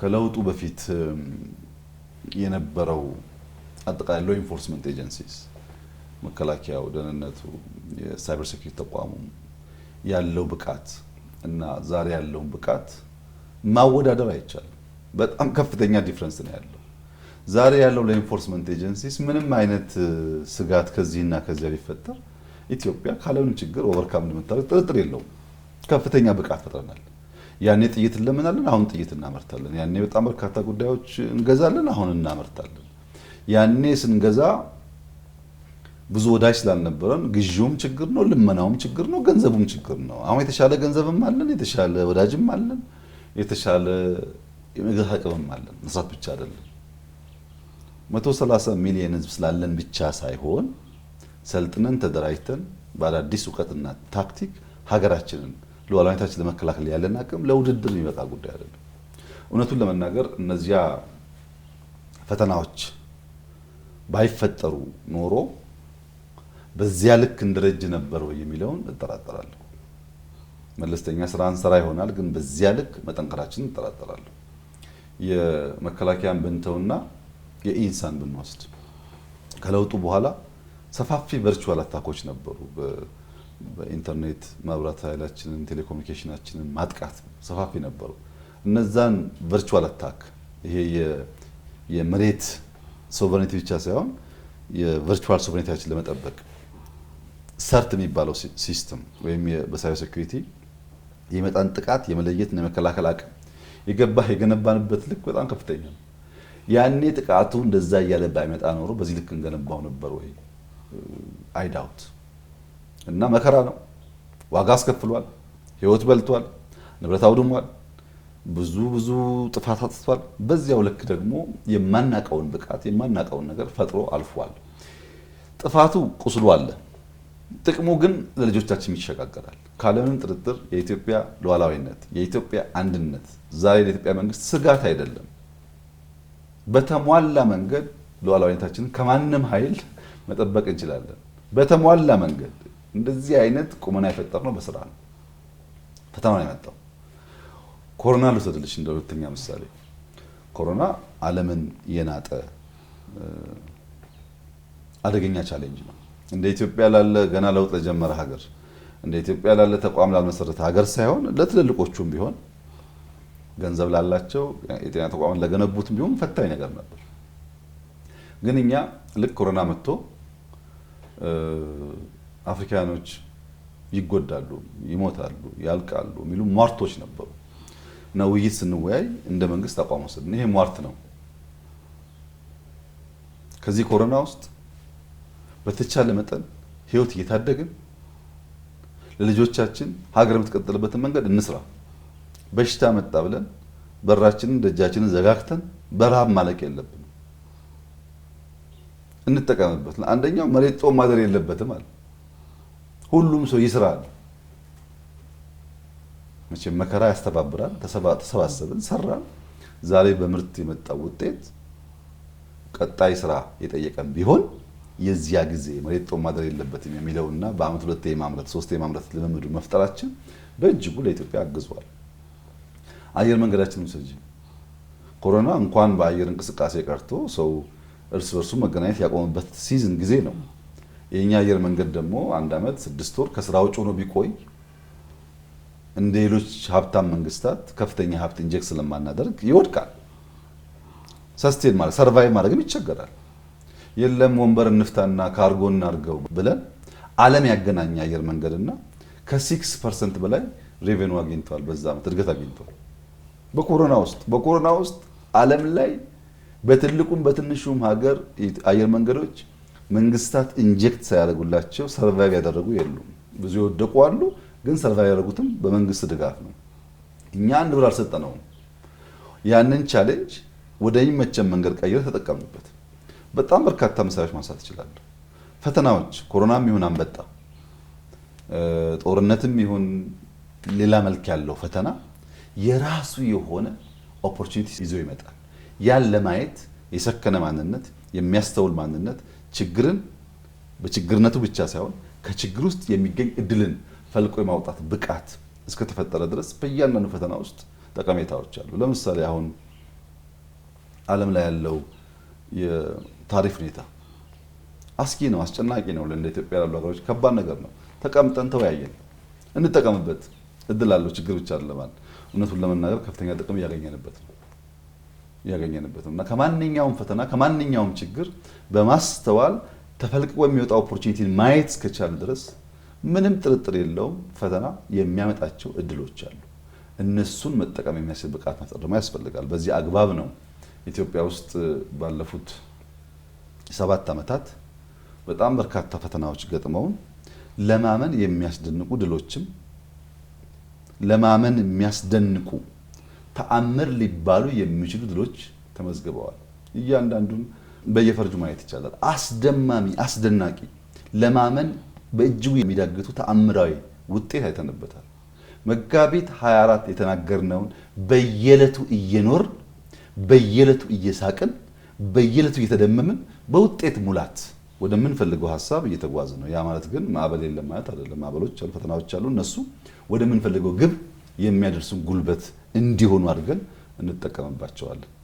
ከለውጡ በፊት የነበረው አጠቃላይ ሎ ኢንፎርስመንት ኤጀንሲስ መከላከያው፣ ደህንነቱ፣ የሳይበር ሴኩሪቲ ተቋሙ ያለው ብቃት እና ዛሬ ያለውን ብቃት ማወዳደር አይቻልም። በጣም ከፍተኛ ዲፍረንስ ነው ያለው። ዛሬ ያለው ለኢንፎርስመንት ኤጀንሲስ ምንም አይነት ስጋት ከዚህና ከዚያ ቢፈጠር ኢትዮጵያ ካለምን ችግር ኦቨርካም እንደምታደርግ ጥርጥር የለውም። ከፍተኛ ብቃት ፈጥረናል። ያኔ ጥይት እንለምናለን፣ አሁን ጥይት እናመርታለን። ያኔ በጣም በርካታ ጉዳዮች እንገዛለን፣ አሁን እናመርታለን። ያኔ ስንገዛ ብዙ ወዳጅ ስላልነበረን ግዢውም ችግር ነው፣ ልመናውም ችግር ነው፣ ገንዘቡም ችግር ነው። አሁን የተሻለ ገንዘብም አለን፣ የተሻለ ወዳጅም አለን፣ የተሻለ የመግዛት አቅምም አለን። መስራት ብቻ አይደለም። መቶ ሰላሳ ሚሊየን ህዝብ ስላለን ብቻ ሳይሆን ሰልጥነን ተደራጅተን በአዳዲስ እውቀትና ታክቲክ ሀገራችንን ሉዓላዊነታችን ለመከላከል ያለን አቅም ለውድድር የሚበቃ ጉዳይ አይደለም። እውነቱን ለመናገር እነዚያ ፈተናዎች ባይፈጠሩ ኖሮ በዚያ ልክ እንደረጅ ነበር ወይ የሚለውን እጠራጠራለሁ። መለስተኛ ስራ እንሰራ ይሆናል፣ ግን በዚያ ልክ መጠንከራችንን እጠራጠራለሁ። የመከላከያን ብንተውና የኢንሳን ብንወስድ ከለውጡ በኋላ ሰፋፊ ቨርቹዋል አታኮች ነበሩ። በኢንተርኔት መብራት ኃይላችንን፣ ቴሌኮሙኒኬሽናችንን ማጥቃት ሰፋፊ ነበሩ። እነዛን ቨርቹዋል አታክ ይሄ የመሬት ሶቨሬንቲ ብቻ ሳይሆን የቨርቹዋል ሶቨሬንቲያችን ለመጠበቅ ሰርት የሚባለው ሲስተም ወይም በሳይበር ሴኩሪቲ የመጣን ጥቃት የመለየትና የመከላከል አቅም የገባህ የገነባንበት ልክ በጣም ከፍተኛ ነው። ያኔ ጥቃቱ እንደዛ እያለ ባይመጣ ኖሮ በዚህ ልክ እንገነባው ነበር ወይ? አይ ዳውት እና መከራ ነው። ዋጋ አስከፍሏል። ህይወት በልቷል። ንብረት አውድሟል። ብዙ ብዙ ጥፋት አጥቷል። በዚያው ልክ ደግሞ የማናቀውን ብቃት የማናቀውን ነገር ፈጥሮ አልፏል። ጥፋቱ ቁስሉ አለ፣ ጥቅሙ ግን ለልጆቻችን ይሸጋገራል። ካለምንም ጥርጥር የኢትዮጵያ ሉዓላዊነት፣ የኢትዮጵያ አንድነት ዛሬ ለኢትዮጵያ መንግስት ስጋት አይደለም። በተሟላ መንገድ ሉዓላዊነታችንን ከማንም ኃይል መጠበቅ እንችላለን። በተሟላ መንገድ እንደዚህ አይነት ቁመና የፈጠርነው በስራ ነው። ፈተና ነው የመጣው። ኮሮና ልውሰድልሽ እንደ ሁለተኛ ምሳሌ። ኮሮና ዓለምን የናጠ አደገኛ ቻሌንጅ ነው። እንደ ኢትዮጵያ ላለ ገና ለውጥ ለጀመረ ሀገር፣ እንደ ኢትዮጵያ ላለ ተቋም ላልመሰረተ ሀገር ሳይሆን ለትልልቆቹም ቢሆን ገንዘብ ላላቸው የጤና ተቋምን ለገነቡትም ቢሆን ፈታኝ ነገር ነበር። ግን እኛ ልክ ኮሮና መጥቶ አፍሪካኖች ይጎዳሉ፣ ይሞታሉ፣ ያልቃሉ የሚሉ ሟርቶች ነበሩ እና ውይይት ስንወያይ እንደ መንግስት አቋም ወሰድን። ይሄ ሟርት ነው። ከዚህ ኮሮና ውስጥ በተቻለ መጠን ህይወት እየታደግን ለልጆቻችን ሀገር የምትቀጥልበትን መንገድ እንስራ። በሽታ መጣ ብለን በራችንን ደጃችንን ዘጋግተን በረሃብ ማለቅ የለብን። እንጠቀምበት። አንደኛው መሬት ጦም ማደር የለበትም አለ። ሁሉም ሰው ይስራ መቼም መከራ ያስተባብራል። ተሰባሰብን፣ ሰራን። ዛሬ በምርት የመጣው ውጤት ቀጣይ ስራ የጠየቀን ቢሆን የዚያ ጊዜ መሬት ጦም ማድረግ የለበትም የሚለውና በአመት ሁለት የማምረት ሶስት የማምረት ልምምዱ መፍጠራችን በእጅጉ ለኢትዮጵያ አግዟል። አየር መንገዳችን ውሰጂ። ኮሮና እንኳን በአየር እንቅስቃሴ ቀርቶ ሰው እርስ በርሱ መገናኘት ያቆመበት ሲዝን ጊዜ ነው። የእኛ አየር መንገድ ደግሞ አንድ ዓመት ስድስት ወር ከስራ ውጭ ሆኖ ቢቆይ እንደ ሌሎች ሀብታም መንግስታት ከፍተኛ ሀብት ኢንጀክት ስለማናደርግ ይወድቃል። ሰስቴን ማለት ሰርቫይቭ ማድረግም ይቸገራል። የለም ወንበር እንፍታና ካርጎ እናርገው ብለን ዓለም ያገናኘ አየር መንገድና ከሲክስ ፐርሰንት በላይ ሬቬኑ አግኝተዋል። በዛ ዓመት እድገት አግኝተዋል። በኮሮና ውስጥ በኮሮና ውስጥ ዓለም ላይ በትልቁም በትንሹም ሀገር አየር መንገዶች መንግስታት ኢንጀክት ሳያደርጉላቸው ሰርቫይቭ ያደረጉ የሉም። ብዙ የወደቁ አሉ፣ ግን ሰርቫይቭ ያደረጉትም በመንግስት ድጋፍ ነው። እኛ አንድ ብር አልሰጠነውም። ያንን ቻሌንጅ ወደሚመቸን መንገድ ቀይረ ተጠቀምበት። በጣም በርካታ ምሳሌዎች ማንሳት እችላለሁ። ፈተናዎች ኮሮናም ይሁን አንበጣ፣ ጦርነትም ይሁን ሌላ መልክ ያለው ፈተና የራሱ የሆነ ኦፖርቹኒቲ ይዞ ይመጣል። ያን ለማየት የሰከነ ማንነት፣ የሚያስተውል ማንነት ችግርን በችግርነቱ ብቻ ሳይሆን ከችግር ውስጥ የሚገኝ እድልን ፈልቆ የማውጣት ብቃት እስከተፈጠረ ድረስ በእያንዳንዱ ፈተና ውስጥ ጠቀሜታዎች አሉ። ለምሳሌ አሁን ዓለም ላይ ያለው የታሪፍ ሁኔታ አስጊ ነው፣ አስጨናቂ ነው። ለእንደ ኢትዮጵያ ያሉ ሀገሮች ከባድ ነገር ነው። ተቀምጠን ተወያየን፣ እንጠቀምበት። እድል አለው፣ ችግር ብቻ አይደለም። እውነቱን ለመናገር ከፍተኛ ጥቅም እያገኘንበት ነው። ያገኘንበት ነው እና ከማንኛውም ፈተና ከማንኛውም ችግር በማስተዋል ተፈልቅቆ የሚወጣ ኦፖርቹኒቲን ማየት እስከቻል ድረስ ምንም ጥርጥር የለውም ፈተና የሚያመጣቸው እድሎች አሉ። እነሱን መጠቀም የሚያስችል ብቃት መፍጠር ደግሞ ያስፈልጋል። በዚህ አግባብ ነው ኢትዮጵያ ውስጥ ባለፉት ሰባት ዓመታት በጣም በርካታ ፈተናዎች ገጥመውን ለማመን የሚያስደንቁ ድሎችም ለማመን የሚያስደንቁ ተአምር ሊባሉ የሚችሉ ድሎች ተመዝግበዋል። እያንዳንዱን በየፈርጁ ማየት ይቻላል። አስደማሚ፣ አስደናቂ፣ ለማመን በእጅጉ የሚዳግቱ ተአምራዊ ውጤት አይተንበታል። መጋቢት 24 የተናገርነውን በየዕለቱ እየኖርን በየዕለቱ እየሳቅን በየዕለቱ እየተደመምን በውጤት ሙላት ወደምንፈልገው ሀሳብ እየተጓዝ ነው። ያ ማለት ግን ማዕበል የለም ማለት አይደለም። ማዕበሎች አሉ፣ ፈተናዎች አሉ። እነሱ ወደምንፈልገው ግብ የሚያደርሱን ጉልበት እንዲሆኑ አድርገን እንጠቀምባቸዋለን።